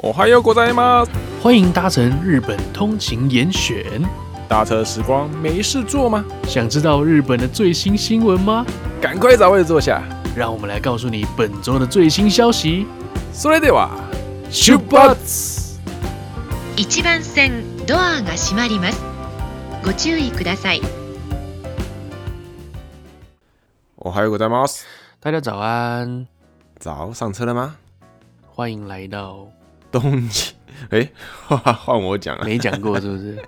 おはようございます。歡迎搭乘日本通勤嚴選。搭車時光沒事做嗎？想知道日本的最新新聞嗎？趕快找位子坐下，讓我們來告訴你本周的最新消息。それでは、出発。一番線、ドアが閉まります。ご注意ください。おはようございます。大家早安。早，上車了嗎？歡迎來到。東西哎，換、欸，我講了，沒講過是不是？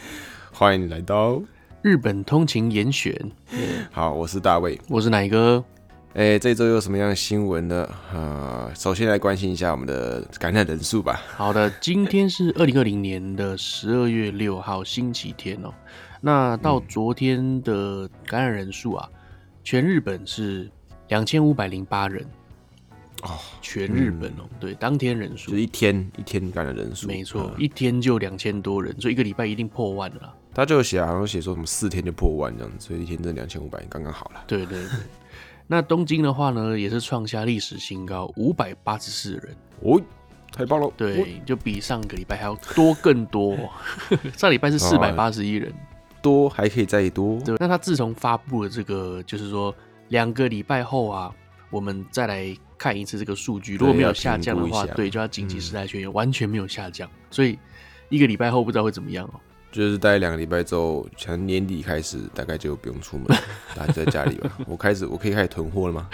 歡迎你來到日本通勤嚴選、嗯。好，我是大衛，我是奶哥。哎、欸，這週有什麼樣的新聞呢？啊、呃，首先來關心一下我們的感染人數吧。好的，今天是二零二零年的十二月六號，星期天哦、嗯。那到昨天的感染人數啊，全日本是兩千五百零八人。全日本哦、喔嗯，對，當天人數就一天一天幹的人數，沒錯、嗯，一天就兩千多人，所以一個禮拜一定破萬了、啊。他就寫好像寫說什麼四天就破萬這樣子，所以一天掙兩千五百，剛剛好了。對對對，那東京的話呢，也是創下歷史新高，五百八十四人，哦，太棒了。對，哦、就比上個禮拜還要多更多， 上禮拜是四百八十一人、哦，多還可以再多。對，那他自從發布了這個，就是說兩個禮拜後啊。我們再來看一次這個數據，如果沒有下降的話，對，要對就要緊急事態宣言、嗯、完全沒有下降，所以一個禮拜後不知道會怎麼樣哦。就是待兩個禮拜之後，從年底開始，大概就不用出門了，大家就在家裡吧。 我開始，我可以開始囤貨了嗎？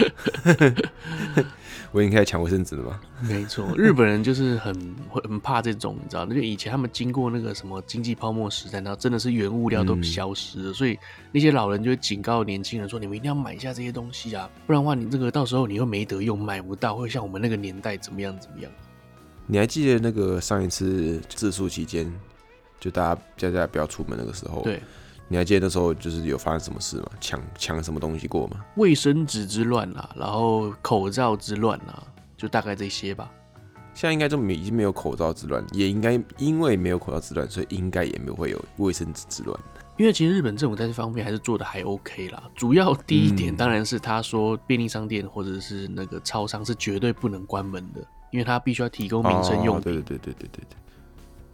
我已經開始搶衛生紙了嗎？沒錯，日本人就是很很怕這種，你知道？那就以前他們經過那個什麼經濟泡沫時代，然後真的是原物料都消失了，嗯、所以那些老人就會警告年輕人說：“你們一定要買一下這些東西啊，不然的話，你這個到時候你會沒得用，買不到，會像我們那個年代怎麼樣怎麼樣、啊。”你還記得那個上一次自述期間？就大家，大家不要出門那個時候，對，你還記得那時候就是有發生什麼事嗎？搶搶什麼東西過嗎？衛生紙之亂啦、啊，然後口罩之亂啦、啊，就大概這些吧。現在應該就沒，已經沒有口罩之亂，也應該因為沒有口罩之亂，所以應該也沒有會有衛生紙之亂。因為其實日本政府在這方面還是做的還 OK 啦。主要第一點當然是他說便利商店或者是那個超商是絕對不能關門的，因為他必須要提供民生用品、哦。對對對對對對對。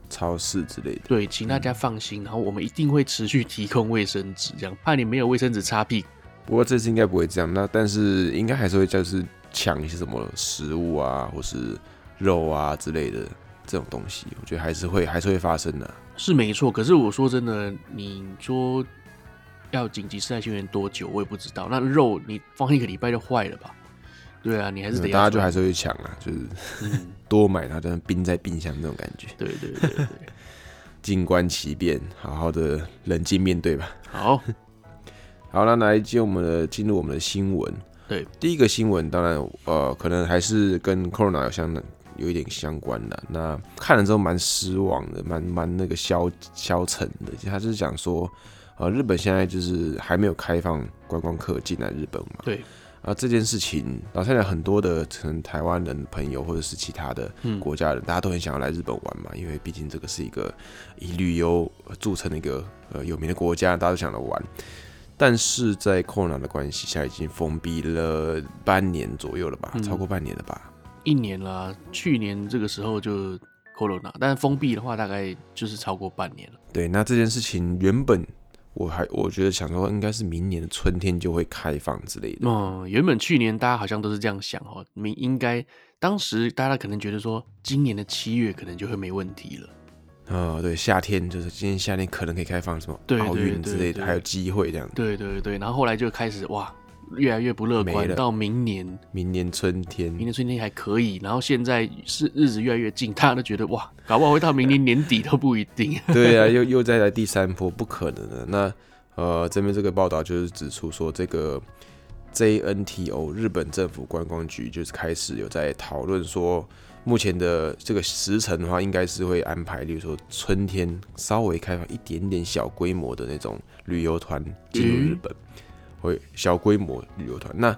超市之類的，對，請大家放心，嗯、然後我們一定會持續提供衛生紙，這樣怕你沒有衛生紙擦屁股。不過這次應該不會這樣，那但是應該還是會就是搶一些什麼食物啊，或是肉啊之類的這種東西，我覺得還是會還是會發生的、啊，是沒錯。可是我說真的，你說要緊急事態宣言多久，我也不知道。那肉你放一個禮拜就壞了吧？對啊，你還是得、嗯、大家就還是會搶啊，就是多買它，這、嗯、樣冰在冰箱那種感覺。對對對對，靜觀其變，好好的冷靜面對吧。好，好了，那來接我們的進入我們的新聞。對，第一個新聞當然呃，可能還是跟 Corona 有相有一點相關的、啊。那看了之後蠻失望的，蠻蠻那個消消沉的。其實他是講說，呃，日本現在就是還沒有開放觀光客進來日本嘛。對。那這件事情，到、啊、現在很多的，可能台灣人朋友或者是其他的國家的人、嗯，大家都很想要來日本玩嘛，因為畢竟這個是一個以旅遊、呃、著稱的一個呃有名的國家，大家都想要來玩。但是在 Corona 的關係下，已經封閉了半年左右了吧、嗯，超過半年了吧？一年啦，去年這個時候就 Corona，但封閉的話大概就是超過半年了。對，那這件事情原本。我還我覺得想說，應該是明年的春天就會開放之類的。嗯、哦，原本去年大家好像都是這樣想哦，明應該當時大家可能覺得說，今年的七月可能就會沒問題了。啊、哦，對，夏天就是今年夏天可能可以開放什麼奧運之類的，對對對，還有機會這樣子。對對對對，然後後來就開始哇。越來越不樂觀，到明年，明年春天，明年春天還可以。然後現在是日子越來越近，大家都覺得哇，搞不好會到明年年底都不一定。 對啊，又又再來第三波，不可能的。那呃，這邊這個報道就是指出說，這個 J N T O 日本政府觀光局就是開始有在討論說，目前的這個時程的話，應該是會安排，例如說春天稍微開放一點點小規模的那種旅遊團進入日本。嗯小規模旅遊團，那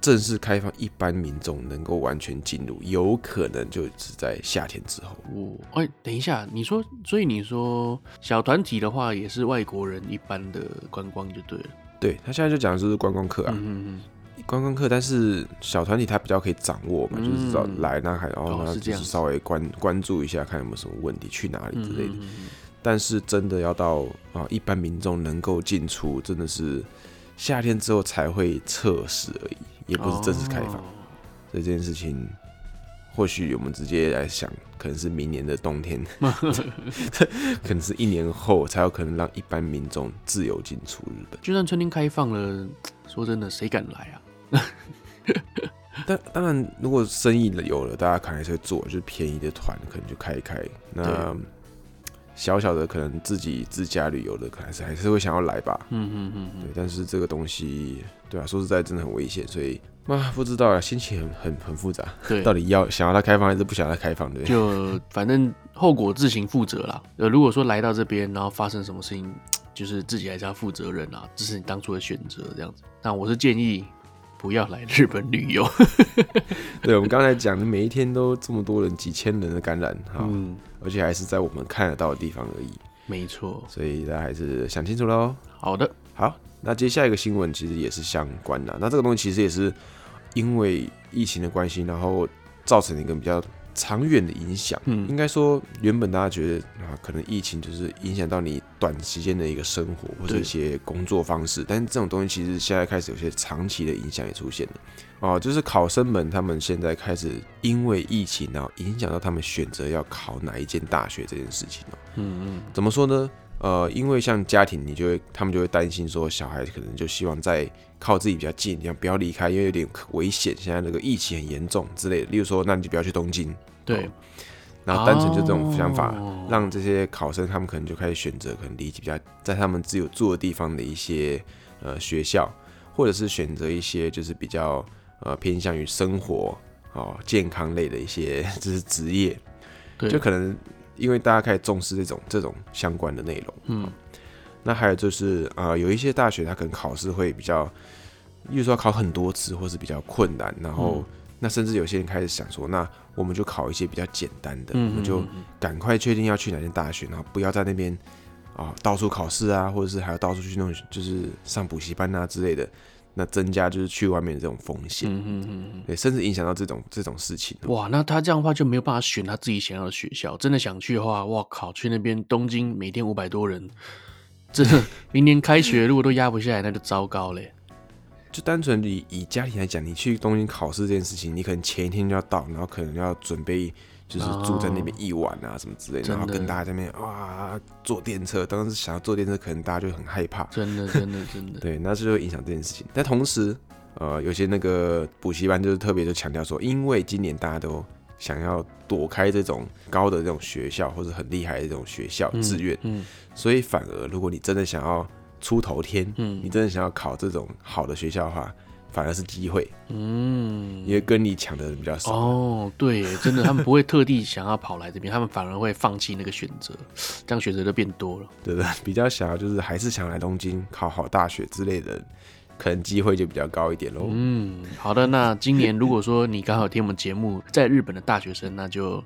正式開放一般民眾能夠完全進入，有可能就只在夏天之後。哇！哎，等一下，你說，所以你說小團體的話，也是外國人一般的觀光就對了。對，他現在就講的是觀光客啊，嗯嗯嗯觀光客。但是小團體他比較可以掌握嘛，就是找來那還、嗯、哦，然後就是這樣，稍微關關注一下，看有沒有什麼問題，去哪裡之類的。嗯嗯嗯但是真的要到啊，一般民眾能夠進出，真的是。夏天之後才會測試而已，也不是正式開放。Oh. 所以這件事情，或許我們直接來想，可能是明年的冬天， 可能是一年後才有可能讓一般民眾自由進出日本。就算春天開放了，說真的，誰敢來啊？ 但當然，如果生意有了，大家可能還是會做，就是便宜的團可能就開一開。那。小小的可能自己自駕旅遊的，可能是還是會想要來吧。嗯哼嗯嗯對，但是這個東西，對啊，說實在，真的很危險，所以嘛，不知道啊，心情很很很複雜。對，到底要想要它開放還是不想它開放？對，就反正後果自行負責啦。呃，如果說來到這邊，然後發生什麼事情，就是自己還是要負責任啊，這是你當初的選擇這樣子。但我是建議。不要來日本旅遊。 對，我們剛才講的每一天都這麼多人，幾千人的感染哈、嗯，而且還是在我們看得到的地方而已。沒錯，所以大家還是想清楚嘍。好的，好，那接下來一個新聞，其實也是相關的。那這個東西其實也是因為疫情的關係，然後造成一個比較。長遠的影響，嗯，應該說原本大家覺得啊，可能疫情就是影響到你短時間的一個生活或者一些工作方式，但是這種東西其實現在開始有些長期的影響也出現了，哦，就是考生們他們現在開始因為疫情然後影響到他們選擇要考哪一間大學這件事情，嗯嗯，怎麼說呢？呃，因為像家庭，你就會他們就會擔心說，小孩可能就希望在靠自己比較近，這樣不要離開，因為有點危險。現在這個疫情很嚴重之類的。例如說，那你就不要去東京。對。哦，然後單純就這種想法，哦，讓這些考生他們可能就開始選擇，可能離比較在他們只有住的地方的一些呃學校，或者是選擇一些就是比較呃偏向於生活哦健康類的一些就是職業，就可能。因為大家開始重視這種這種相關的內容，嗯，那還有就是啊、呃，有一些大學它可能考試會比較，比如說要考很多次，或是比較困難，然後、嗯、那甚至有些人開始想說，那我們就考一些比較簡單的，我們就趕快確定要去哪間大學，然後不要在那邊啊、呃、到處考試啊，或者是還要到處去那種就是上補習班啊之類的。那增加就是去外面的這種風險，嗯嗯嗯，對，甚至影響到這種這種事情喔。哇，那他這樣的話就沒有辦法選他自己想要的學校，真的想去的話，我靠，去那邊東京每天五百多人，這 明年開學如果都壓不下來，那就糟糕嘞。就單純以以家庭來講，你去東京考試這件事情，你可能前一天就要到，然後可能要準備。就是住在那邊一晚啊什麼之類的，然後跟大家在那邊啊坐電車。當時想要坐電車，可能大家就很害怕，真的真的真的。真的 對，那這就會影響這件事情。但同時，呃，有些那個補習班就是特別就強調說，因為今年大家都想要躲開這種高的這種學校或者很厲害的這種學校志願，嗯，嗯，所以反而如果你真的想要出頭天，嗯，你真的想要考這種好的學校的話。反而是機會，嗯，因為跟你搶的人比較少哦，對，真的，他們不會特地想要跑來這邊， 他們反而會放棄那個選擇，這樣選擇就變多了，對不對？比較想要就是還是想來東京考好大學之類的，可能機會就比較高一點嘍。嗯，好的，那今年如果說你剛好聽我們節目， 在日本的大學生，那就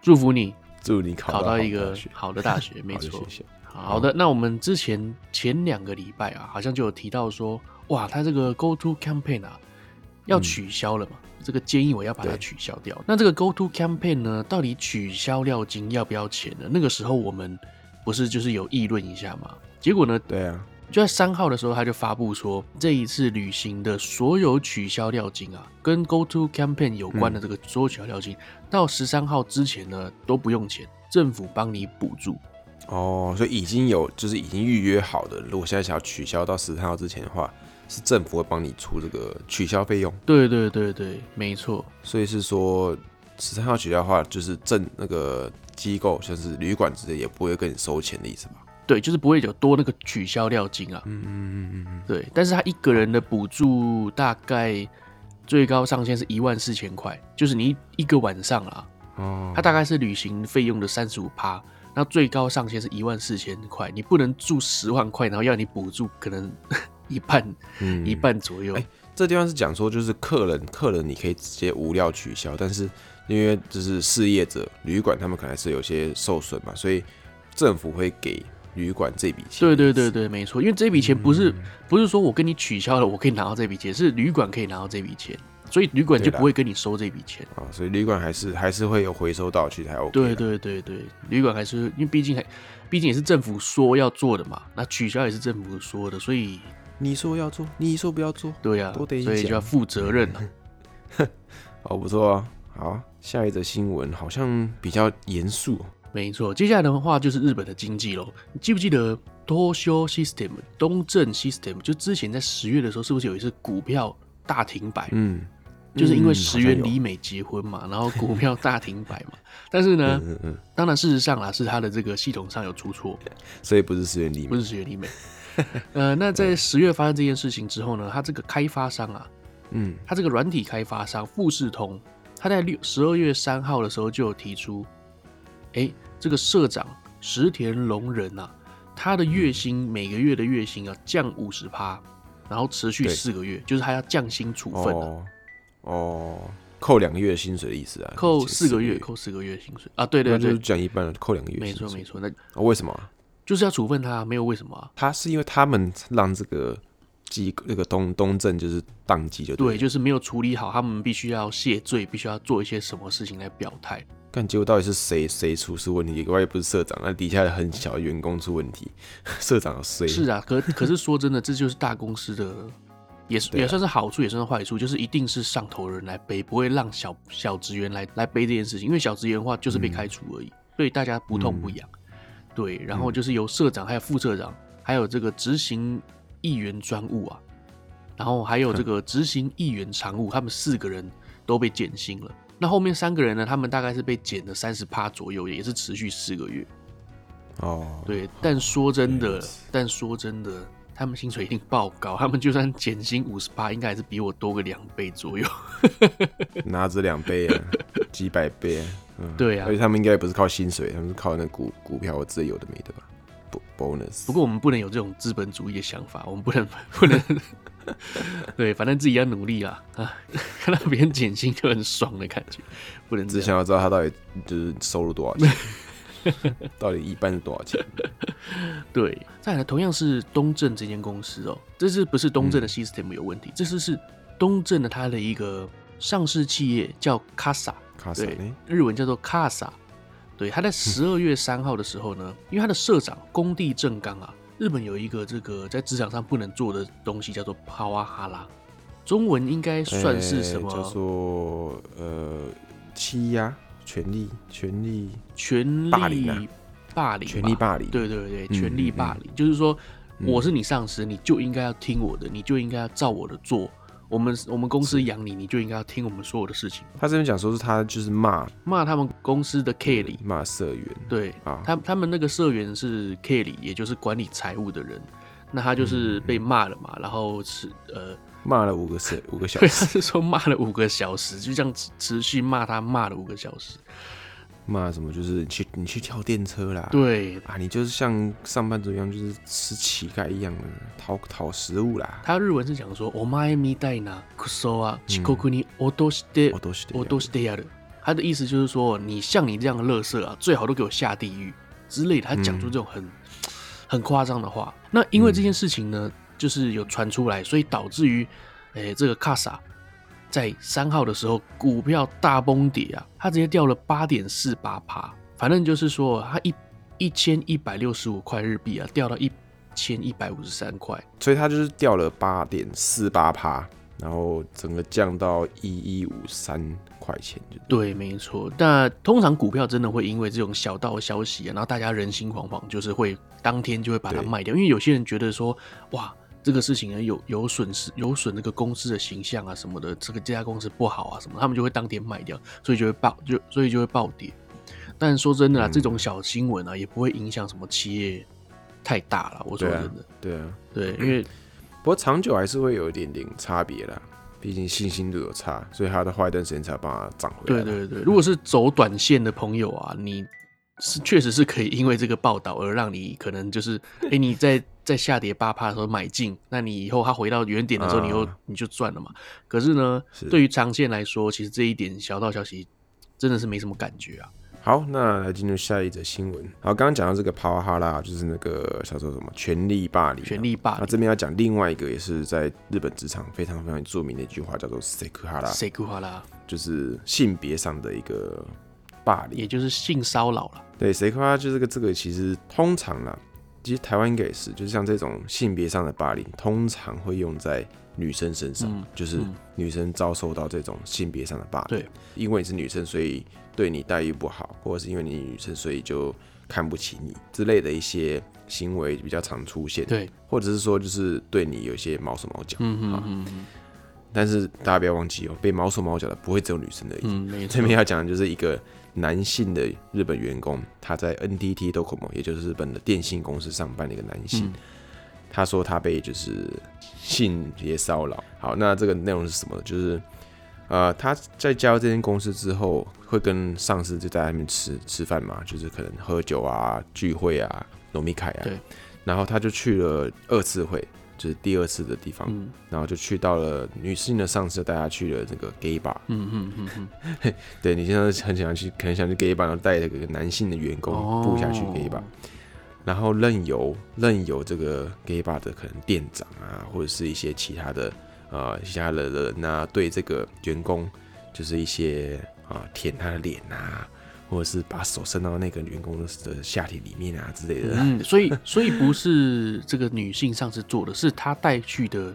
祝福你，祝你考到，考到一個好的大學，沒錯。好的，學學好的，好好的，那我們之前前兩個禮拜啊，好像就有提到說。哇，他這個 Go To Campaign 啊，要取消了嘛？嗯、這個建議我要把它取消掉。那這個 Go To Campaign 呢，到底取消料金要不要錢呢？那個時候我們不是就是有議論一下嘛？結果呢？對啊，就在三號的時候，他就發布說，這一次旅行的所有取消料金啊，跟 Go To Campaign 有關的這個所有取消料金，嗯、到十三號之前呢都不用錢，政府幫你補助。哦，所以已經有就是已經預約好的，如果現在想要取消到十三號之前的話。是政府會幫你出這個取消費用，對對對對，沒錯。所以是說，十三號取消的話，就是政那個機構，像是旅館之類，也不會跟你收錢的意思吧？對，就是不會有多那個取消料金啊。嗯嗯嗯嗯對，但是他一個人的補助大概最高上限是一萬四千塊，就是你一個晚上啊，哦、嗯。他大概是旅行費用的三十五趴，那最高上限是一萬四千塊，你不能住十萬塊，然後要你補助可能。 一半，嗯，一半左右。哎、欸，這地方是講說，就是客人，客人你可以直接無料取消，但是因為就是事業者旅館，他們可能是有些受損嘛，所以政府會給旅館這筆錢。對、對對對對，沒錯，因為這筆錢不是、嗯、不是說我跟你取消了，我可以拿到這筆錢，是旅館可以拿到這筆錢，所以旅館就不會跟你收這筆錢啊、哦。所以旅館還是還是會有回收到去，其實還 OK。對對對對，旅館還是因為畢竟還，畢竟也是政府說要做的嘛，那取消也是政府說的，所以。你說要做，你說不要做，對呀、啊，所以就要負責任了、啊。好、嗯 哦，不錯啊。好，下一則新聞好像比較嚴肅。沒錯，接下來的話就是日本的經濟嘍。你記不記得東証 System、東証 System？就之前在十月的時候，是不是有一次股票大停擺？嗯，就是因為石原里美結婚嘛、嗯，然後股票大停擺嘛。 但是呢嗯嗯嗯，當然事實上啊，是它的這個系統上有出錯，所以不是石原里美，不是石原里美。 呃，那在十月發生這件事情之後呢，他這個開發商啊，嗯，他這個軟體開發商富士通，他在六十二月三號的時候就有提出，哎、欸，這個社長石田龍人啊，他的月薪、嗯、每個月的月薪要降五十趴，然後持續四個月，就是他要降薪處分哦。哦，扣兩個月薪水的意思啊？扣四個月，扣四個月薪水啊？對對對，那就是講一半，扣兩個月。沒錯沒錯，那、哦、為什麼？就是要處分他，沒有為什麼啊？他是因為他們讓這個機那、這個東東証就是宕機就對，對，就是沒有處理好，他們必須要謝罪，必須要做一些什麼事情來表態。但結果到底是誰誰出事問題？我也不是社長，那底下的很小員工出問題，社長誰？是啊，可可是說真的， 這就是大公司的，也是、啊、也算是好處，也算是壞處，就是一定是上頭人來背，不會讓小小職員來來背這件事情，因為小職員的話就是被開除而已，嗯、所以大家不痛不癢。嗯對，然後就是由社長、還有副社長、嗯，還有這個執行役員專務啊，然後還有這個執行役員常務，他們四個人都被減薪了。那後面三個人呢？他們大概是被減了三十趴左右，也是持續四個月。哦，對，但說真的，哦，但說真的，哦，但說真的，他們薪水一定爆高，他們就算減薪五十趴，應該還是比我多個兩倍左右。 哪止兩倍啊？ 幾百倍啊？對呀、啊，所以他們應該也不是靠薪水，他們是靠那股股票我自己有的沒的吧，B、bonus。不過我們不能有這種資本主義的想法，我們不能不能。 對，反正自己要努力啦啊！看到別人減薪就很爽的感覺，不能。只想要知道他到底就是收入多少錢， 到底一般是多少錢？ 對，再來同樣是東証這間公司哦，喔，這次不是東証的 system 有問題？嗯，這是是東証的它的一個上市企業叫 Casa 對，日文叫做卡薩。對，他在十二月三號的時候呢，因為他的社長工地正剛啊，日本有一個這個在職場上不能做的東西叫做帕瓦哈拉，中文應該算是什麼？欸、叫做呃欺壓、啊、權力、權力、啊、權力、霸凌、霸凌、權力霸凌。對對對，權力霸凌，嗯、就是說、嗯、我是你上司，你就應該要聽我的，你就應該要照我的做。我們我們公司養你，你就應該要聽我們所有的事情。他這邊講說是他就是罵罵他們公司的 K 里罵社員，對啊，他他們那個社員是 K 里，也就是管理財務的人，那他就是被罵了嘛，嗯嗯，然後是呃罵了五個社五個小時， 對，他是說罵了五個小時，就這樣持續罵他罵了五個小時。罵什麼？就是你去，你去跳電車啦！對啊，你就是像上班族一樣，就是吃乞丐一樣的討討食物啦。他日文是講說，お前みたいなクソ啊、チコクニ、オドシテ、オドシテ他的意思就是說，你像你這樣的垃圾啊，最好都給我下地獄之類的。他講出這種很、嗯、很誇張的話。那因為這件事情呢，嗯、就是有傳出來，所以導致於，哎、欸，這個卡薩。在三號的時候，股票大崩跌啊，它直接掉了八點四八趴，反正就是說，它一一千一百六十五塊日幣啊，掉到一千一百五十三塊，所以它就是掉了八點四八趴，然後整個降到一一五三塊錢對。對，沒錯。但通常股票真的會因為這種小道消息啊，然後大家人心惶惶，就是會當天就會把它賣掉，因為有些人覺得說，哇。這個事情呢，有有損失，有損那個公司的形象啊，什麼的，這個這家公司不好啊，什麼，他們就會當天賣掉，所以就會爆，就所以就會暴跌。但說真的啊，嗯、這種小新聞啊，也不會影響什麼企業太大了。我說真的，對啊，對啊，對，因為不過長久還是會有一點點差別啦，畢竟信心度有差，所以它都花一段時間才有辦法漲回來。對對對、嗯，如果是走短線的朋友啊，你。是確實是可以，因為這個報道而讓你可能就是，哎、欸，你在在下跌八趴的時候買進，那你以後它回到原點的時候你、嗯，你又你就賺了嘛。可是呢，是對於長線來說，其實這一點小道消息真的是沒什麼感覺啊。好，那來進入下一則新聞。好，剛剛講到這個帕瓦哈拉，就是那個叫做什麼權力、啊、權力霸凌。權力霸凌。那這邊要講另外一個，也是在日本職場非常非常著名的一句話，叫做塞庫哈拉。塞庫哈拉，就是性別上的一個。霸凌，也就是性騷擾了。對，誰誇就這個這個，其實通常啦，其實台灣應該也是，就是像這種性別上的霸凌，通常會用在女生身上，嗯、就是女生遭受到這種性別上的霸凌，因為你是女生，所以對你待遇不好，或者是因為你女生，所以就看不起你之類的一些行為比較常出現，對，或者是說就是對你有一些毛手毛腳，嗯哼嗯哼，哈，但是大家不要忘記哦，被毛手毛腳的不會只有女生的。嗯，這邊要講的就是一個。男性的日本員工，他在 NTT Docomo，也就是日本的電信公司上班的一個男性，嗯、他說他被就是性別騷擾。好，那這個內容是什麼呢？就是呃，他在加入這間公司之後，會跟上司就在外面吃吃飯嘛，就是可能喝酒啊、聚會啊、羅米凱啊，然後他就去了二次會。就是第二次的地方，嗯，然後就去到了女性的上司帶他去了這個 gay bar。嗯嗯嗯 對，你現在很想去，可能想去 gay bar，然後帶這個男性的員工步、哦、下去 gay bar，然後任由任由這個 gay bar 的可能店長啊，或者是一些其他的啊、呃，其他的人啊，對這個員工就是一些啊，舔、呃、他的臉啊。或者是把手伸到那個員工的下體裡面啊之類的。嗯，所以所以不是這個女性上司做的，是他帶去的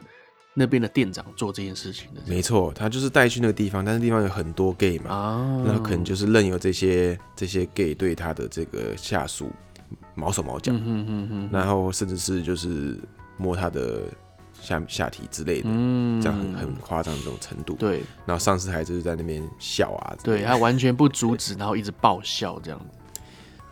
那邊的店長做這件事情的事。沒錯，他就是帶去那個地方，但是地方有很多 gay 嘛，哦、然那可能就是任由這些這些 gay 對他的這個下屬毛手毛腳、嗯，然後甚至是就是摸他的。下下體之類的，嗯、這樣很很誇張這種程度。對，然後上司還就是在那邊笑啊，對他完全不阻止，然後一直爆笑這樣子。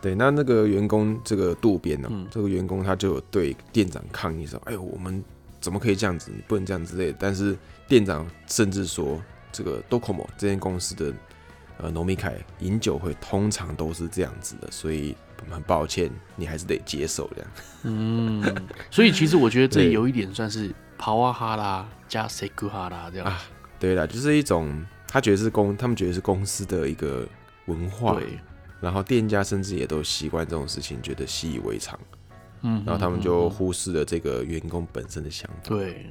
對，那那個員工這個渡邊呢，這個員工他就有對店長抗議說：“哎呦，我們怎麼可以這樣子？你不能這樣子。”之類的。但是店長甚至說：“這個 DOCOMO 這間公司的。”呃，農米凱飲酒會通常都是這樣子的，所以很抱歉，你還是得接受的。 嗯，所以其實我覺得這有一點算是帕瓦哈拉加西古哈拉這樣子啊，對了，就是一種他覺得是公，他們覺得是公司的一個文化，對，然後店家甚至也都習慣這種事情，覺得習以為常，嗯哼嗯哼，然後他們就忽視了這個員工本身的想法，對。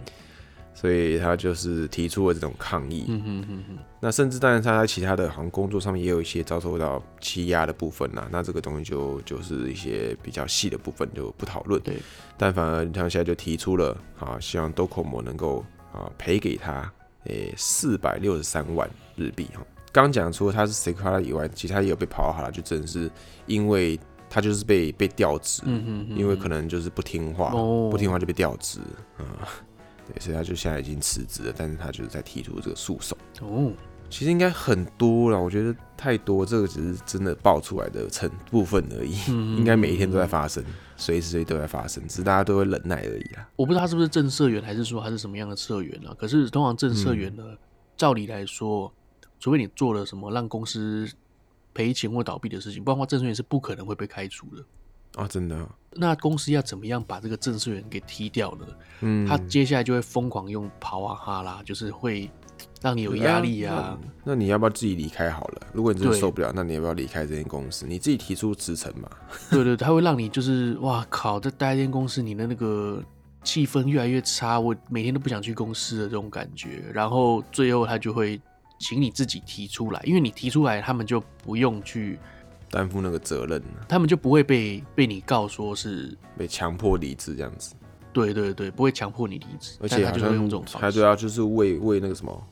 所以他就是提出了這種抗議，嗯、哼哼哼。那甚至當然他在其他的好像工作上面也有一些遭受到欺壓的部分、啊、那這個東西就就是一些比較細的部分就不討論。對。但反而他現在就提出了啊，希望 Docomo 能夠賠、啊、給他，四百六十三萬日幣，剛講出他是 Sycara 以外，其他也有被跑好了，就真是因為他就是被被調職、嗯，因為可能就是不聽話，哦、不聽話就被調職，啊所以他就現在已經辭職了，但是他就是在提出這個訴訟。哦，其實應該很多了，我覺得太多，這個只是真的爆出來的成部分而已。嗯、應該每一天都在發生，隨時隨地都在發生，只是大家都會忍耐而已啦。我不知道他是不是正社員，還是說他是什麼樣的社員啊？可是通常正社員呢、嗯，照理來說，除非你做了什麼讓公司賠錢或倒閉的事情，不然話正社員是不可能會被開除的。啊，真的？那公司要怎麼樣把這個正社員給踢掉呢？嗯，他接下來就會瘋狂用跑啊、哈啦，就是會讓你有壓力啊，啊那。那你要不要自己離開好了？如果你真受不了，那你要不要離開這間公司？你自己提出辭呈嘛。對，對對，他會讓你就是哇靠，在待一間公司你的那個氣氛越來越差，我每天都不想去公司的這種感覺。然後最後他就會請你自己提出來，因為你提出來，他們就不用去。擔負那個責任呢？他們就不會被被你告說是被強迫離職這樣子。對對對，不會強迫你離職。而且他就是用這種方法，還對啊，就是為為那個什麼，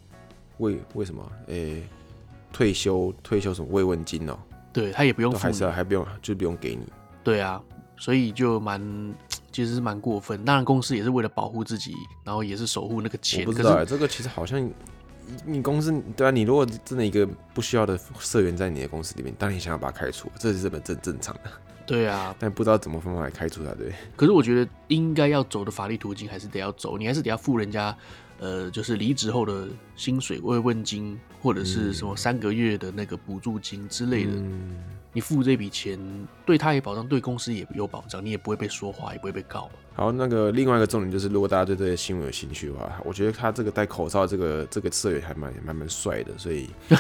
為為什麼？誒、欸，退休退休什麼慰問金哦、喔。對他也不用給你，還是啊，還不用，就不用給你。對啊，所以就蠻其實是蠻過分。當然公司也是為了保護自己，然後也是守護那個錢。我不知道、欸、這個其實好像。你公司對啊，你如果真的一個不需要的社員在你的公司裡面，當然你想要把他開除，這是本正正常的。對啊，但不知道怎麼方法來開除他，對？可是我覺得應該要走的法律途徑還是得要走，你還是得要付人家，呃，就是離職後的薪水慰問金或者是什麼三個月的那個補助金之類的。嗯嗯你付這筆錢，對他也保障，對公司也有保障，你也不會被說話，也不會被告。好，那個另外一個重點就是，如果大家對這些新聞有興趣的話，我覺得他這個戴口罩、這個，這個這個社員還蠻蠻帥的，所以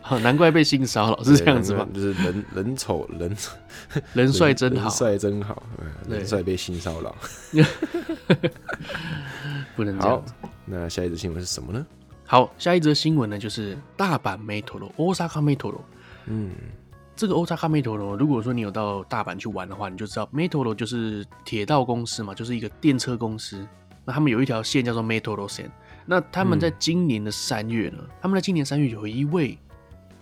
好，難怪被性騷擾是這樣子嗎？就是人人醜人 人帥真好，帥真好，嗯，人帥被性騷擾， 不能這樣。那下一則新聞是什麼呢？好，下一則新聞呢就是大阪メトロ，Osaka メトロ。嗯，這個歐查卡梅陀羅，如果說你有到大阪去玩的話，你就知道梅陀羅就是鐵道公司嘛，就是一個電車公司。那他們有一條線叫做梅陀羅線。那他們在今年的三月呢、嗯，他們在今年三月有一位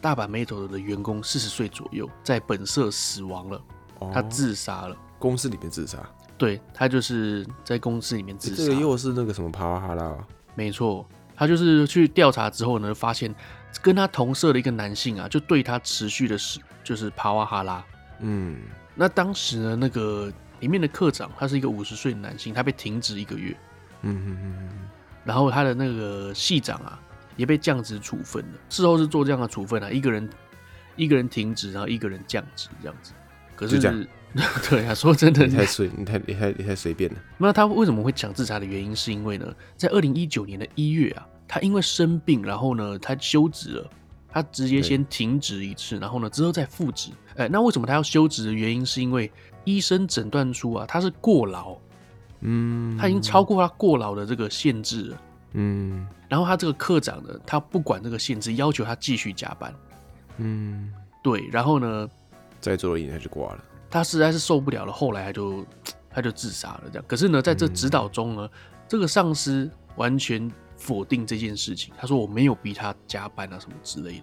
大阪梅陀羅的員工，四十歲左右，在本社死亡了，哦、他自殺了。公司裡面自殺？對，他就是在公司裡面自殺。這個又是那個什麼帕瓦哈拉、啊？沒錯，他就是去調查之後呢，發現。跟他同社的一個男性啊，就對他持續的是就是帕瓦哈拉，嗯，那當時呢，那個裡面的課長他是一個五十歲的男性，他被停職一個月，嗯哼哼哼然後他的那個係長啊也被降職處分了，事後是做這樣的處分啊，一個人一個人停職，然後一個人降職這樣子，可是這樣 對啊，說真的，你太隨你太你太你太隨便了。那他為什麼會搶自殺的原因，是因為呢，在二零一九年的一月啊。他因為生病，然後呢，他休職了，他直接先停職一次，然後呢，之後再復職。哎、欸，那為什麼他要休職？的原因是因為醫生診斷出啊，他是過勞，嗯，他已經超過他過勞的這個限制，了。嗯。然後他這個課長呢，他不管這個限制，要求他繼續加班，嗯，對。然後呢，在做了幾年他就掛了，他實在是受不了了，後來他就他就自殺了。這樣，可是呢，在這指導中呢，嗯、這個上司完全。否定這件事情，他說我沒有逼他加班啊，什麼之類的。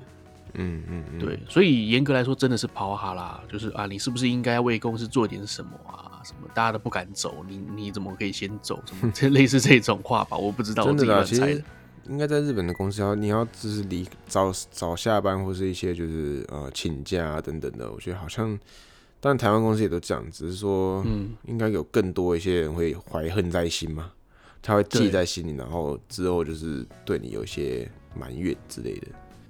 嗯嗯,嗯，對，所以嚴格來說，真的是跑哈啦，就是啊，你是不是應該為公司做點什麼啊？什麼大家都不敢走，你你怎麼可以先走？什麼這類似這種話吧， 我不知道，我自己亂猜的。真的啊，其實應該在日本的公司要，要你要就是離早早下班或是一些就是呃請假啊等等的，我覺得好像，但台灣公司也都這樣，只是說，嗯，應該有更多一些人會懷恨在心嘛。他會記在心裡，然後之後就是對你有一些埋怨之類的。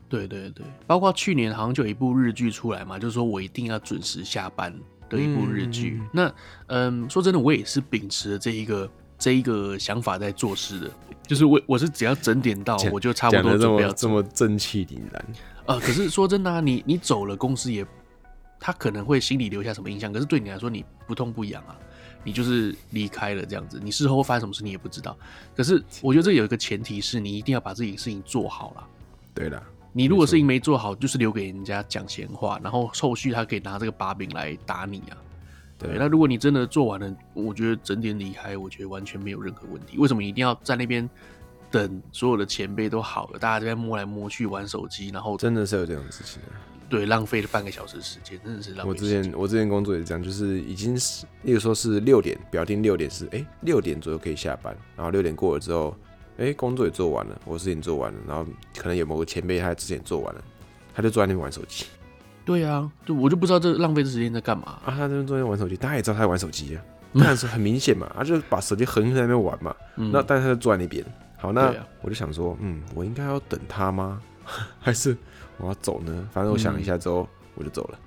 對對對，包括去年好像就有一部日劇出來嘛，就是說我一定要準時下班的一部日劇，嗯。那嗯，說真的，我也是秉持著這一個這一個想法在做事的，就是我我是只要整點到，我就差不多這要。講得這麼這麼正氣凜然。呃，可是說真的啊，你你走了，公司也他可能會心裡留下什麼印象，可是對你來說，你不痛不癢啊。你就是離開了這樣子，你事後會發生什麼事，你也不知道。可是我覺得這有一個前提是你一定要把自己的事情做好了。對的，你如果事情沒做好，就是留給人家講閒話，然後後續他可以拿這個把柄來打你啊。對，對那如果你真的做完了，我覺得整點離開，我覺得完全沒有任何問題。為什麼一定要在那邊等所有的前輩都好了，大家這邊摸來摸去玩手機，然後真的是有這樣的事情。對，浪費了半個小時時間，真的是浪費。我之前我之前工作也是這樣，就是已經是，例如說是六點，表定六點是哎欸、六點左右可以下班，然後六點過了之後，哎、欸、工作也做完了，我事情做完了，然後可能有某個前輩他之前做完了，他就坐在那邊玩手機。對啊，就我就不知道這浪費的時間在幹嘛。啊，他在那邊坐在那邊玩手機，大家也知道他在玩手機啊，但是很明顯嘛，他就把手機橫在那邊玩嘛，嗯、那但他就坐在那邊。好，那我就想說，啊、嗯，我應該要等他嗎？ 還是？我、啊、要走呢，反正我想了一下之後、嗯，我就走了。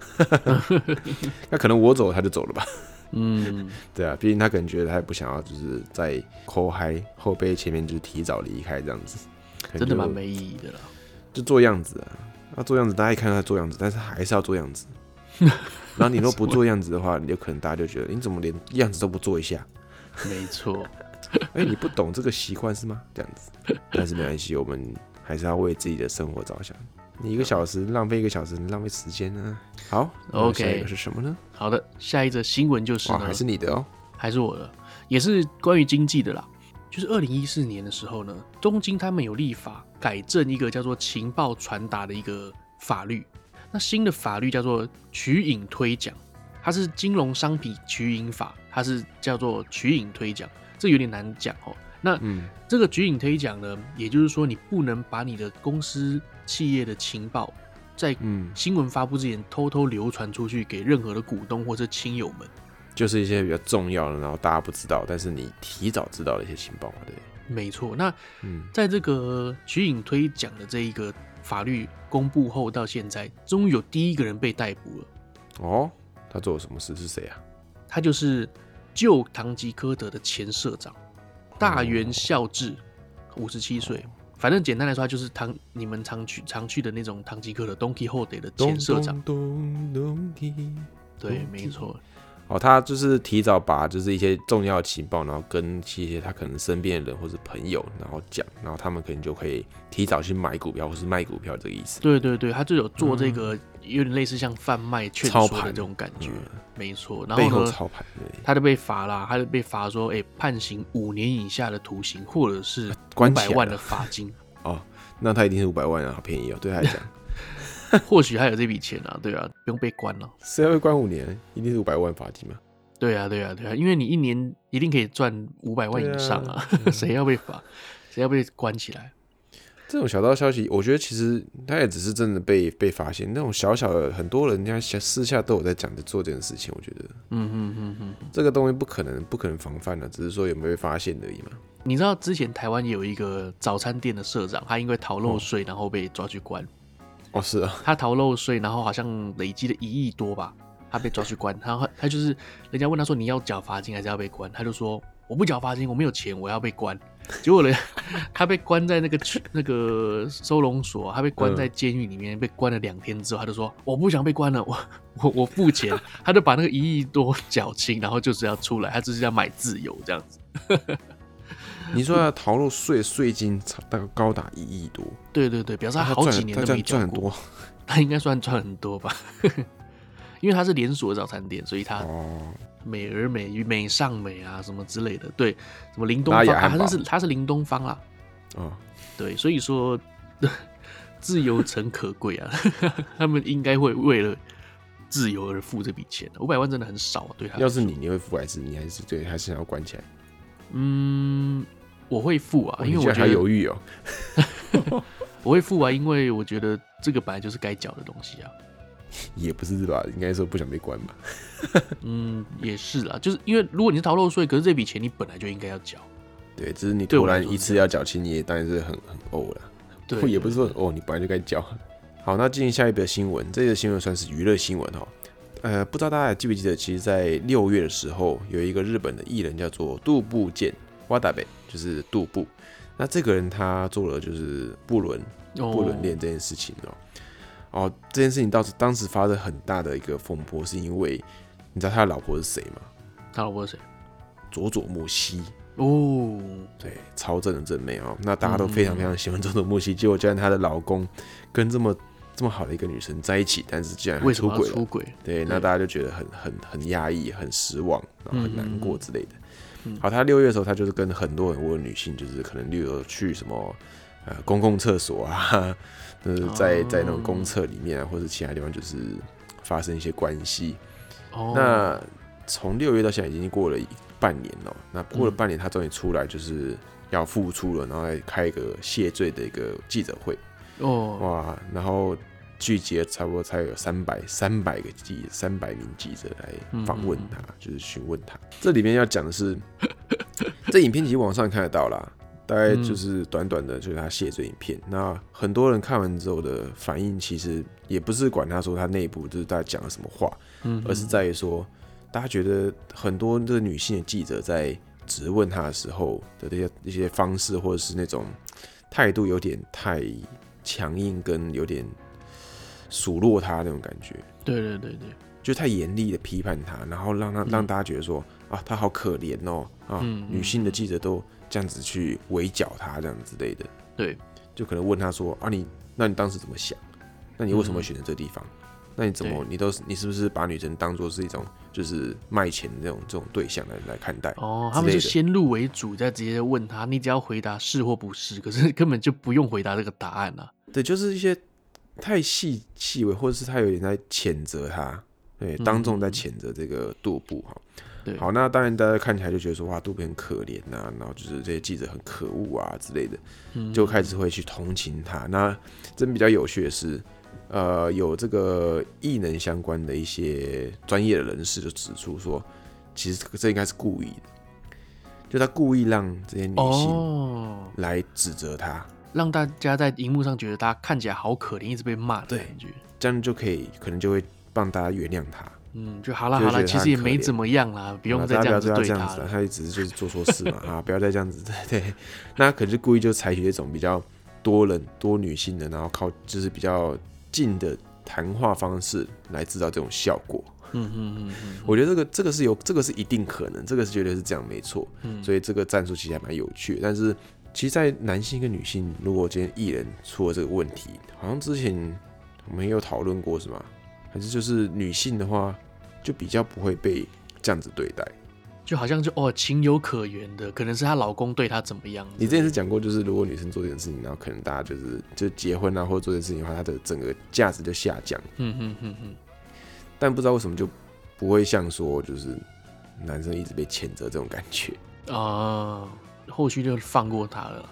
那可能我走，他就走了吧。嗯， 對啊，畢竟他可能覺得他也不想要，就是在摳嗨後背前面，就是提早離開這樣子，真的蠻沒意義的了。就做樣子啊，那、啊、做樣子大家一看他做樣子，但是還是要做樣子。然後你若不做樣子的話， 你就可能大家就覺得你怎麼連樣子都不做一下？ 沒錯錯。哎、 欸，你不懂這個習慣是嗎？這樣子，但是沒關係，我們還是要為自己的生活着想。你一個小時、嗯、浪費一個小時，你浪費時間呢、啊。好，OK，是、嗯、什麼呢？好的，下一則新聞就是。還是你的哦、喔？還是我的，也是關於經濟的啦。就是二零一四年的時候呢，東京他們有立法改正一個叫做情報傳達的一個法律。那新的法律叫做取引推獎，它是金融商品取引法，它是叫做取引推獎，這有點難講哦。那這個取引推獎呢、嗯，也就是說你不能把你的公司。企業的情報在新聞發布之前、嗯、偷偷流傳出去給任何的股東或者親友們，就是一些比較重要的，然後大家不知道，但是你提早知道的一些情報嘛。對，沒錯。那、嗯、在這個取引推講的這一個法律公布後，到現在終於有第一個人被逮捕了。哦，他做了什麼事？是誰啊？他就是舊唐吉訶德的前社長大原孝治，五十七歲。反正簡單來說，他就是唐，你們常去常去的那種唐吉 Donkey 的東 l d 的前社長。對，沒錯。哦，他就是提早把就是一些重要情報，然後跟一些他可能身邊的人或者朋友，然後講，然後他們可能就可以提早去買股票或是賣股票這個意思。對對對，他就有做這個、嗯。有點類似像販賣勸說的這種感覺，沒錯、嗯。然後呢，他就被罰了，他就被罰說，哎、欸，判刑五年以下的徒刑，或者是五百萬的罰金。哦，那他一定是五百萬啊，好便宜哦，對他來講。 或許他有這筆錢啊，對啊，不用被關了，誰要被關五年？一定是五百萬罰金嗎？對啊對啊對啊，因為你一年一定可以賺五百萬以上啊，啊、嗯，誰要被罰？誰要被關起來？這種小道消息，我覺得其實他也只是真的被被發現，那種小小的，很多人家私下都有在講着做這件事情。我覺得，嗯嗯嗯嗯，這個東西不可能不可能防範的啊，只是說有沒有被發現而已嘛。你知道之前台灣有一個早餐店的社長，他因為逃漏稅然後被抓去關。哦，是啊。他逃漏稅，然後好像累積了一億多吧，他被抓去關。他他就是人家問他說你要繳罰金還是要被關，他就說。我不繳罰金，我沒有錢，我要被關。結果呢，他被關在那個那個收容所，他被關在監獄裡面，被關了兩天之後，他就說：“我不想被關了，我我我付錢。”他就把那個一億多繳清，然後就是要出來，他只是要買自由這樣子。你說他逃漏稅稅金大概高達一億多？對對對，表示他好幾年都沒繳過。他應該算賺很多吧？因為他是連鎖的早餐店，所以他。美而美與美上美啊，什麼之類的，對，什麼林東方，他、啊、是他是林東方啊、哦，對，所以說自由誠可貴啊， 他們應該會為了自由而付這筆錢，五百萬真的很少，對他。要是你，你會付還是你還是對還是想要關起來？嗯，我會付啊，哦還喔、因為我覺得猶豫哦， 我會付啊，因為我覺得這個本來就是該繳的東西啊。也不是吧，應該說不想被關吧。 嗯，也是啦，就是因為如果你是逃漏稅，可是這筆錢你本來就應該要交。對，只，就是你，突然一次要繳清，你也當然是很很哦了。對，對，對，也不是說哦，你本來就該交。好，那進行下一個新聞，這個新聞算是娛樂新聞哦、喔。呃，不知道大家記不記得，其實，在六月的時候，有一個日本的藝人叫做渡部建 w a d 就是渡部。那這個人他做了就是不倫、不倫戀這件事情、喔、哦。哦，這件事情倒是當時發的很大的一個風波，是因為你知道他的老婆是誰嗎？他老婆是誰？佐佐木希哦，對，超正的正妹哦，那大家都非常非常喜歡佐佐木希，結果竟然他的老公跟這麼這麼好的一個女生在一起，但是竟然出軌出軌。對，對，那大家就覺得很很很壓抑、很失望、然後很難過之類的。嗯嗯，好，他六月的時候，他就是跟很多很多女性，就是可能例如去什麼呃公共廁所啊。就是在在那種公廁裡面、啊，或是其他地方，就是發生一些關係。Oh. 那從六月到現在已經過了半年了。那過了半年，他終於出來，就是要復出了，然後來開一個謝罪的一個記者會。Oh. 哇！然後聚集了差不多才有三百三百個記三百名記者來訪問他，mm -hmm. 就是詢問他。這裡面要講的是， 這影片其實網上看得到啦。大概就是短短的，就是他謝罪影片，嗯。那很多人看完之後的反應，其實也不是管他說他內部就是大家講了什麼話，嗯，而是在於說，大家覺得很多這個女性的記者在質問他的時候的那些一些方式，或者是那種態度有點太強硬，跟有點數落他那種感覺。對對對對。就太嚴厲的批判他，然後讓他、嗯、讓大家覺得說啊，他好可憐哦，啊嗯嗯，女性的記者都這樣子去圍剿他這樣子之類的，對，就可能問他說啊你，你那你當時怎麼想？那你為什麼選擇這地方、嗯？那你怎麼你都你是不是把女生當作是一種就是賣錢的這種這種對象來來看待？哦，他們就先入為主，再直接問他，你只要回答是或不是，可是根本就不用回答這個答案了、啊。對，就是一些太細細微，或者是他有點在譴責他。對，當眾在譴責這個渡部哈、嗯。好，那當然大家看起來就覺得說哇，渡部很可憐吶、啊，然後就是這些記者很可惡啊之類的，就開始會去同情他、嗯。那真比較有趣的是，呃，有這個藝能相關的一些專業的人士就指出說，其實這應該是故意的，就他故意讓這些女性來指責他，哦、讓大家在熒幕上覺得他看起來好可憐，一直被罵，對，這樣就可以，可能就會。幫大家原諒他，嗯，就好了，好了，其實也沒怎麼樣啦，不用再這樣子對他了。嗯，但不要對他這樣子啦，他只是就是做錯事嘛， 啊，不要再這樣子，對。對，那他可是故意就採取這種比較多人多女性的，然後靠就是比較近的談話方式來制造這種效果。嗯哼嗯哼嗯哼。我覺得這個這個是有，這個是一定可能，這個是絕對是這樣沒錯。嗯，所以這個戰術其實還蠻有趣的。但是其實，在男性跟女性，如果今天藝人出了這個問題，好像之前我們也有討論過是嗎？反正就是女性的話，就比較不會被這樣子對待，就好像就哦情有可原的，可能是她老公對她怎麼樣是不是？你之前是講過，就是如果女生做這件事情，嗯，然後可能大家就是就結婚啊，或者做這件事情的話，她的整個價值就下降。嗯哼哼哼。但不知道為什麼就不會像說就是男生一直被譴責這種感覺啊，後續就放過他了。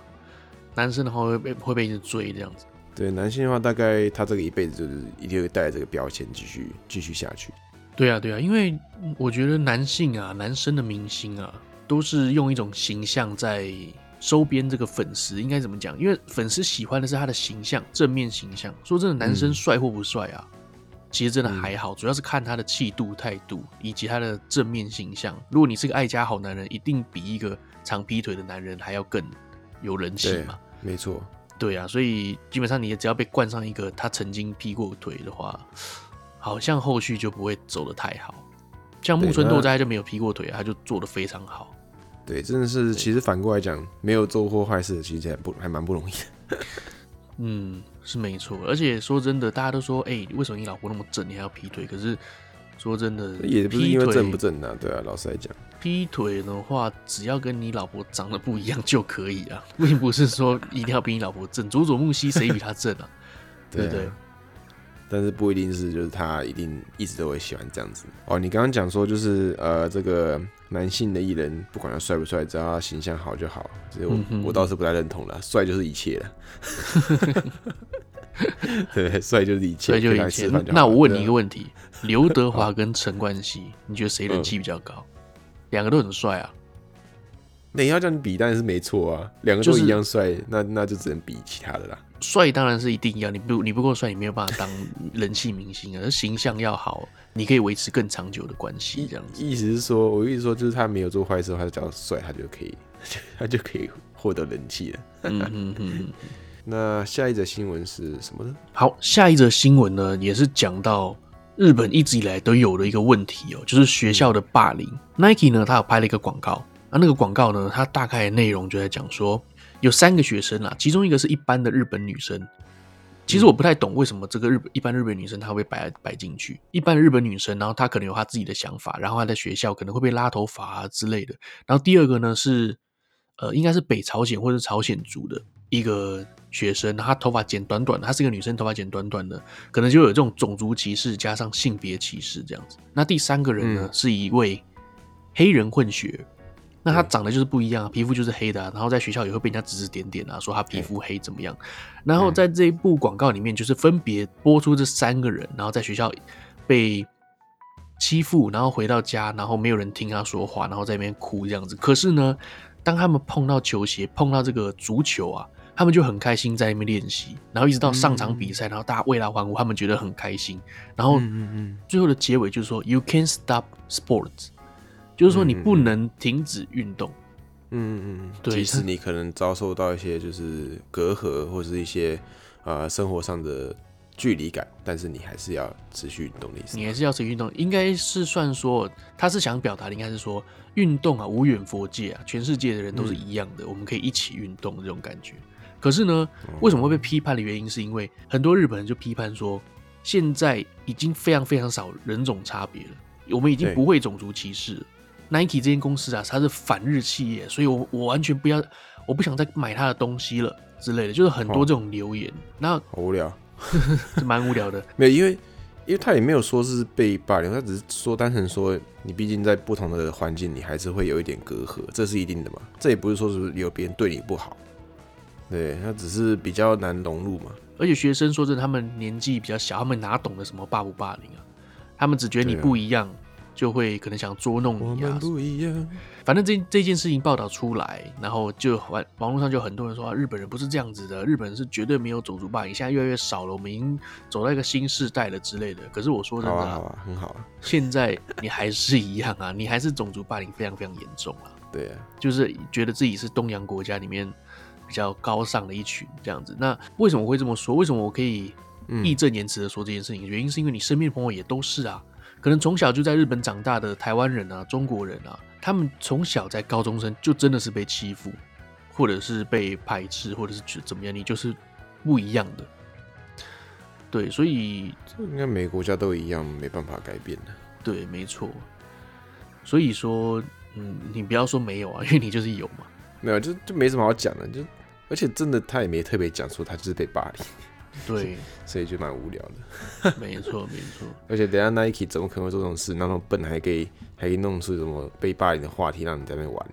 男生的話會被會被一直追這樣子。對男性的話，大概他這個一輩子就是一定會帶這個標籤，繼續繼續下去。對啊，對啊，因為我覺得男性啊，男生的明星啊，都是用一種形象在收編這個粉絲。應該怎麼講？因為粉絲喜歡的是他的形象，正面形象。說真的，男生帥或不帥啊，嗯，其實真的還好，主要是看他的氣度、態度以及他的正面形象。如果你是個愛家好男人，一定比一個常劈腿的男人還要更有人氣嘛。沒錯。對啊，所以基本上你只要被冠上一個他曾經劈過腿的話，好像後續就不會走得太好。像木村拓哉就沒有劈過腿他，他就做得非常好。對，真的是，其實反過來講，沒有做過壞事，其實還不還蠻不容易的。 嗯，是沒錯。而且說真的，大家都說，哎、欸，為什麼你老婆那麼正，你還要劈腿？可是。說真的，也不是因為正不正啊，對啊，老實來講，劈腿的話，只要跟你老婆長得不一樣就可以啊， 並不是說一定要比你老婆正。佐佐木希誰比他正啊？ 對不對，對、啊？但是不一定是，就是他一定一直都會喜歡這樣子。哦，你剛剛講說就是呃，這個男性的藝人，不管他帥不帥，只要他形象好就好。其實我、嗯、我倒是不太認同了，帥就是一切了。 對，帥就是以前，帥就是以前以那。那我問你一個問題：劉德華跟陳冠希，你覺得誰人氣比較高？兩、嗯、個都很帥啊。等一下叫你比，但是沒錯啊。兩個都一樣帥、就是，那那就只能比其他的啦。帥當然是一定要，你不你不夠帥，你沒有辦法當人氣明星啊。而 形象要好，你可以維持更長久的關係，這樣子。意思是說，我意思說，就是他沒有做壞事，他只要帥，他就可以，他就可以獲得人氣了。嗯哼哼那下一則新聞是什麼呢？好，下一則新聞呢，也是講到日本一直以來都有的一個問題哦、喔，就是學校的霸凌。Nike 呢，他有拍了一個廣告，那那個廣告呢，它大概內容就在講說，有三個學生啦、啊，其中一個是一般的日本女生，其實我不太懂為什麼這個日本一般日本女生她會擺擺進去，一般日本女生，然後她可能有她自己的想法，然後她在學校可能會被拉頭髮之類的。然後第二個呢是，呃，應該是北朝鮮或者朝鮮族的。一個學生，她頭髮剪短短的，她是一個女生，頭髮剪短短的，可能就有這種種族歧視加上性別歧視這樣子。那第三個人呢、嗯，是一位黑人混血，那他長得就是不一樣啊，欸、皮膚就是黑的、啊，然後在學校也會被人家指指點點啊，說他皮膚黑怎麼樣、欸。然後在這一部廣告裡面，就是分別播出這三個人，然後在學校被欺負，然後回到家，然後沒有人聽他說話，然後在那邊哭這樣子。可是呢，當他們碰到球鞋，碰到這個足球啊。他們就很開心在那邊練習，然後一直到上場比賽、嗯，然後大家為他歡呼，他們覺得很開心。然後最後的結尾就是說、嗯、，You can't stop sports，、嗯、就是說你不能停止運動。嗯嗯嗯。即使你可能遭受到一些就是隔閡或者是一些呃生活上的距離感，但是你還是要持續運動的意思。你還是要持續運動，應該是算說他是想表達的，應該是說運動啊無遠弗屆啊，全世界的人都是一樣的，嗯、我們可以一起運動這種感覺。可是呢，為什麼會被批判的原因，是因為很多日本人就批判說，現在已經非常非常少人種差別了，我們已經不會種族歧視了。Nike 這間公司啊，它是反日企業，所以我我完全不要，我不想再買它的東西了之類的，就是很多這種留言。那好無聊，蠻 無聊的。 沒有，因為因為他也沒有說是被霸凌，他只是說單純說，你畢竟在不同的環境你還是會有一點隔閡，這是一定的嘛。這也不是說是是有別人對你不好。對，他只是比較難融入嘛，而且學生說真的他們年紀比較小，他們哪懂得什麼霸不霸凌啊？他們只覺得你不一樣，啊、就會可能想捉弄你啊。不一樣，反正這這件事情報道出來，然後就網網絡上就很多人說啊，日本人不是這樣子的，日本人是絕對沒有種族霸凌，現在越來越少了，我們已經走到一個新世代了之類的。可是我說真的、啊，很好，啊好，啊好、啊，現在你還是一樣啊， 你還是種族霸凌非常非常嚴重啊。對啊，就是覺得自己是東洋國家裡面比較高尚的一群這樣子，那為什麼我會這麼說？為什麼我可以義正言辭的說這件事情？嗯，原因是因為你身邊的朋友也都是啊，可能從小就在日本長大的台灣人啊、中國人啊，他們從小在高中生就真的是被欺負，或者是被排斥，或者是怎麼樣，你就是不一樣的。對，所以應該每個國家都一樣，沒辦法改變的。對，沒錯。所以說，嗯，你不要說沒有啊，因為你就是有嘛。沒有，就就沒什麼好講的，就而且真的他也沒特別講說他就是被霸凌，對， 所以，所以就蠻無聊的。 沒錯沒錯。而且等一下 Nike 怎麼可能會做這種事？那種笨還可以，還可以弄出什麼被霸凌的話題讓你在那玩？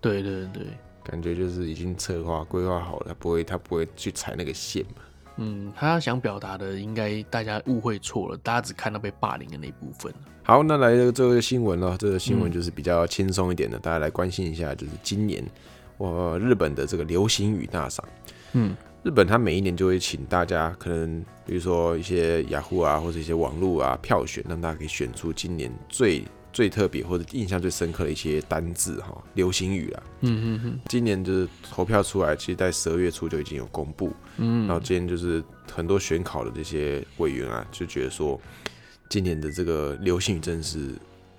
對對對。感覺就是已經策劃規劃好了，他不會他不會去踩那個線嘛。嗯，他想表達的應該大家誤會錯了，大家只看到被霸凌的那一部分。好，那來這個最後一個新聞了，這個新聞就是比較輕鬆一點的。嗯，大家來關心一下，就是今年。我日本的這個流行語大賞，嗯，日本他每一年就會請大家，可能比如說一些雅虎啊，或者一些網絡啊票選，讓大家可以選出今年最最特別或者印象最深刻的一些單字哈、流行語啊。嗯嗯嗯。今年就是投票出來，其實在十二月初就已經有公布。嗯。然後今天就是很多選考的這些委員啊，就覺得說今年的這個流行語真的是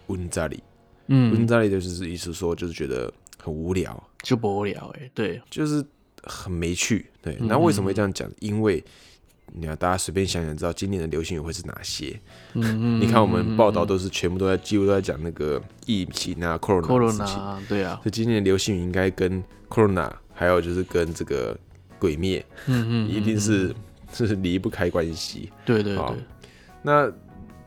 溫扎里，嗯，溫扎里就是意思說就是覺得。很無聊，就無聊哎、欸，對，就是很沒趣。對，那為什麼會這樣講、嗯嗯？因為你要大家隨便想想，知道今年的流行語會是哪些？嗯嗯嗯嗯嗯 你看我們報道都是全部都在，幾乎都在講那個疫情啊 corona, 情，corona，對啊，所以今年的流行語應該跟 corona 還有就是跟這個鬼滅，嗯嗯,嗯,嗯,嗯， 一定是是離不開關係。對對,對好那。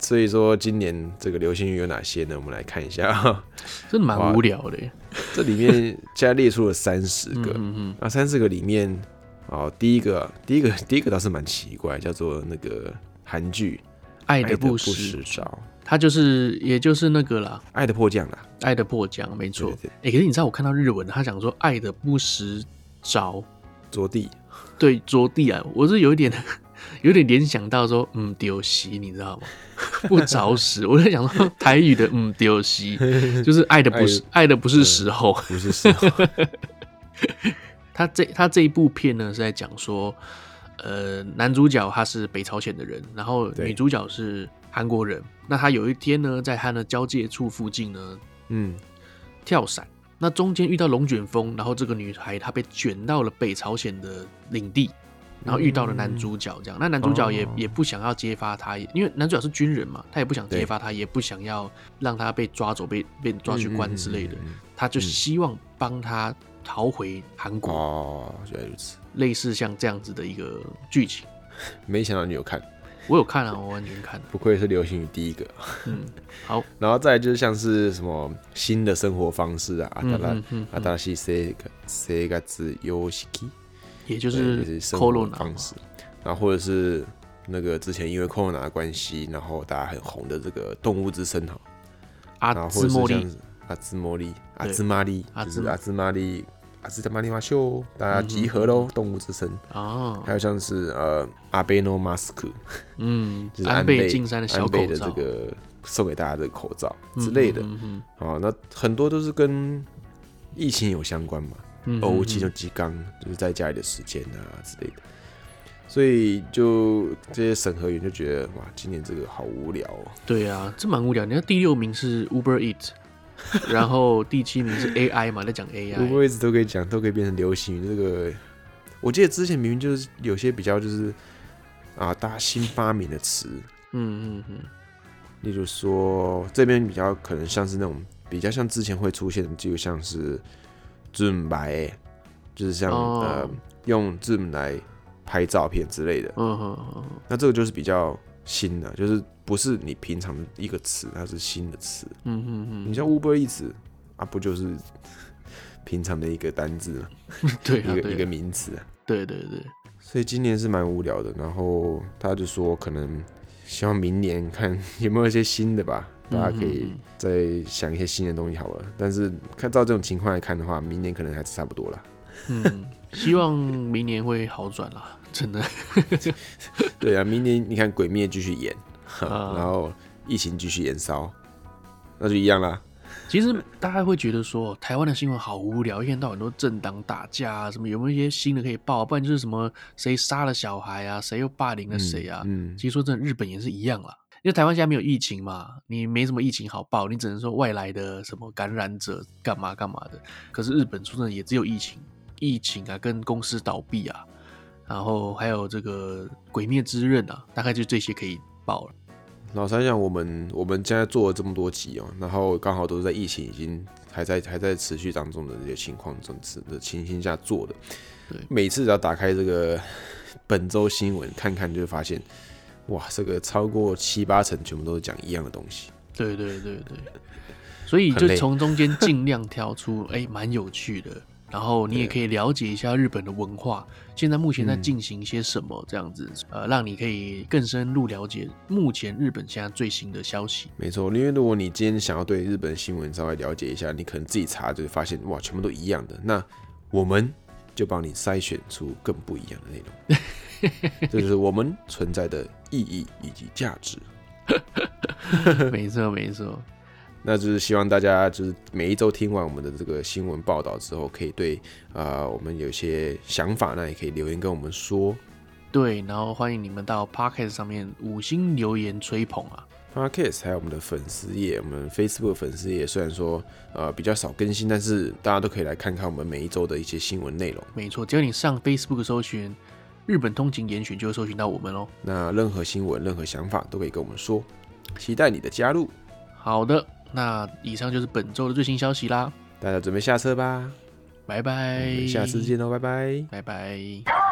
所以說，今年這個流行語有哪些呢？我們來看一下， 真的蠻無聊的。 這裡面加列出了三十個， 嗯嗯嗯那三十個裡面，哦，第一個，第一個，第一個倒是蠻奇怪，叫做那個韓劇《愛的不時》《愛的不時着》，它就是，也就是那個啦，愛的迫降啦《愛的迫降》啦，《愛的迫降》沒錯。哎、欸，可是你知道我看到日文，他講說《愛的不時着》，着地，對，着地啊，我是有一點。 有點聯想到說，嗯，丟西，你知道嗎？ 不找死。我在想說，台語的“嗯丟西”就是愛的不是 愛，愛的不是時候，嗯、不是時候。 他這他這一部片呢是在講說，呃，男主角他是北朝鮮的人，然後女主角是韓國人。那他有一天呢，在他的交界處附近呢，嗯，跳傘。那中間遇到龍捲風，然後這個女孩她被捲到了北朝鮮的領地。然後遇到了男主角，這樣、嗯、那男主角也、哦、也不想要揭發他，因為男主角是軍人嘛，他也不想揭發他，也不想要讓他被抓走、被被抓去關之類的，嗯、他就希望幫他逃回韓國、嗯。哦，原來如此，類似像這樣子的一個劇情，沒想到你有看，我有看了、啊，我完全看了。不愧是流行語第一個。 嗯，好。然後再來就是像是什麼新的生活方式啊，新しい新しい生活生活様式。生日生日也就是摳羅拿嘛，然後或者是那個之前因為摳羅拿的關係，然後大家很紅的這個動物之森哈，阿茲莫利、阿茲莫利、阿茲瑪麗、阿茲阿茲瑪麗、阿茲瑪麗馬秀，大家集合嘍、嗯！動物之森。啊、哦，還有像是呃阿貝諾馬斯克， 嗯，安倍安倍的這個送給大家的口罩之類的，哦、嗯，那很多都是跟疫情有相關嘛。哦、嗯，其就幾缸就是在家裡的時間啊之類的，所以就這些審核員就覺得哇，今年這個好無聊喔。對啊，這蠻無聊。你看第六名是 Uber Eats，然後第七名是 AI 嘛， 在講 AI。Uber Eats 都可以講，都可以變成流行語。這個，我記得之前明明就是有些比較就是啊，大家新發明的詞。嗯嗯嗯。例如說，這邊比較可能像是那種比較像之前會出現的，就像是。Zoom 就是像、oh. 呃，用 Zoom 來拍照片之類的。嗯哼，那這個就是比較新的，就是不是你平常的一個詞，它是新的詞。嗯哼哼，你像 Uber 一詞啊，不就是平常的一個單字嗎？ 對、啊、對，一個一個名詞對對對，所以今年是蠻無聊的，然後他就說可能希望明年看有沒有一些新的吧。大家可以再想一些新的東西好了，但是看照這種情況來看的話，明年可能還是差不多了。嗯，希望明年會好轉啦， 真的。 對啊，明年你看鬼滅繼續演、啊，然後疫情繼續延燒，那就一樣啦。其實大家會覺得說，台灣的新聞好無聊，一天到晚都很多政黨打架、啊，什麼有沒有一些新的可以報、啊？不然就是什麼誰殺了小孩啊，誰又霸凌了誰啊？嗯，嗯其實說真的，日本也是一樣啦。因為台灣現在沒有疫情嘛，你沒什麼疫情好報，你只能說外來的什麼感染者幹嘛幹嘛的。可是日本出生也只有疫情、疫情啊，跟公司倒閉啊，然後還有這個《鬼滅之刃》啊，大概就這些可以報了。老實講，我們我們現在做了這麼多集哦，然後剛好都是在疫情已經還在還在持續當中的這些情況、這種的情形下做的。對，每次只要打開這個本周新聞看看，就會發現。哇，這個超過七八成全部都是講一樣的東西。對對對對，所以就從中間儘量挑出，哎、欸，蠻有趣的。然後你也可以了解一下日本的文化，現在目前在進行一些什麼，這樣子、嗯，呃，讓你可以更深入了解目前日本現在最新的消息。沒錯，因為如果你今天想要對日本新聞稍微了解一下，你可能自己查就會發現，哇，全部都一樣的。那我們就幫你篩選出更不一樣的內容， 這就是我們存在的。意義以及價值， 沒錯沒錯。 那就是希望大家就是每一周聽完我們的這個新聞報道之後，可以對、呃、我們有些想法那也可以留言跟我們說。對，然後歡迎你們到 Podcast 上面五星留言吹捧啊，Podcast 還有我們的粉絲頁，我們 Facebook 粉絲頁雖然說、呃、比較少更新，但是大家都可以來看看我們每一周的一些新聞內容。沒錯，只要你上 Facebook 搜尋。日本通勤嚴選就會搜尋到我們哦。那任何新聞、任何想法都可以跟我們說，期待你的加入。好的，那以上就是本周的最新消息啦。大家準備下車吧，拜拜，我們下次見嘍，拜拜，拜拜。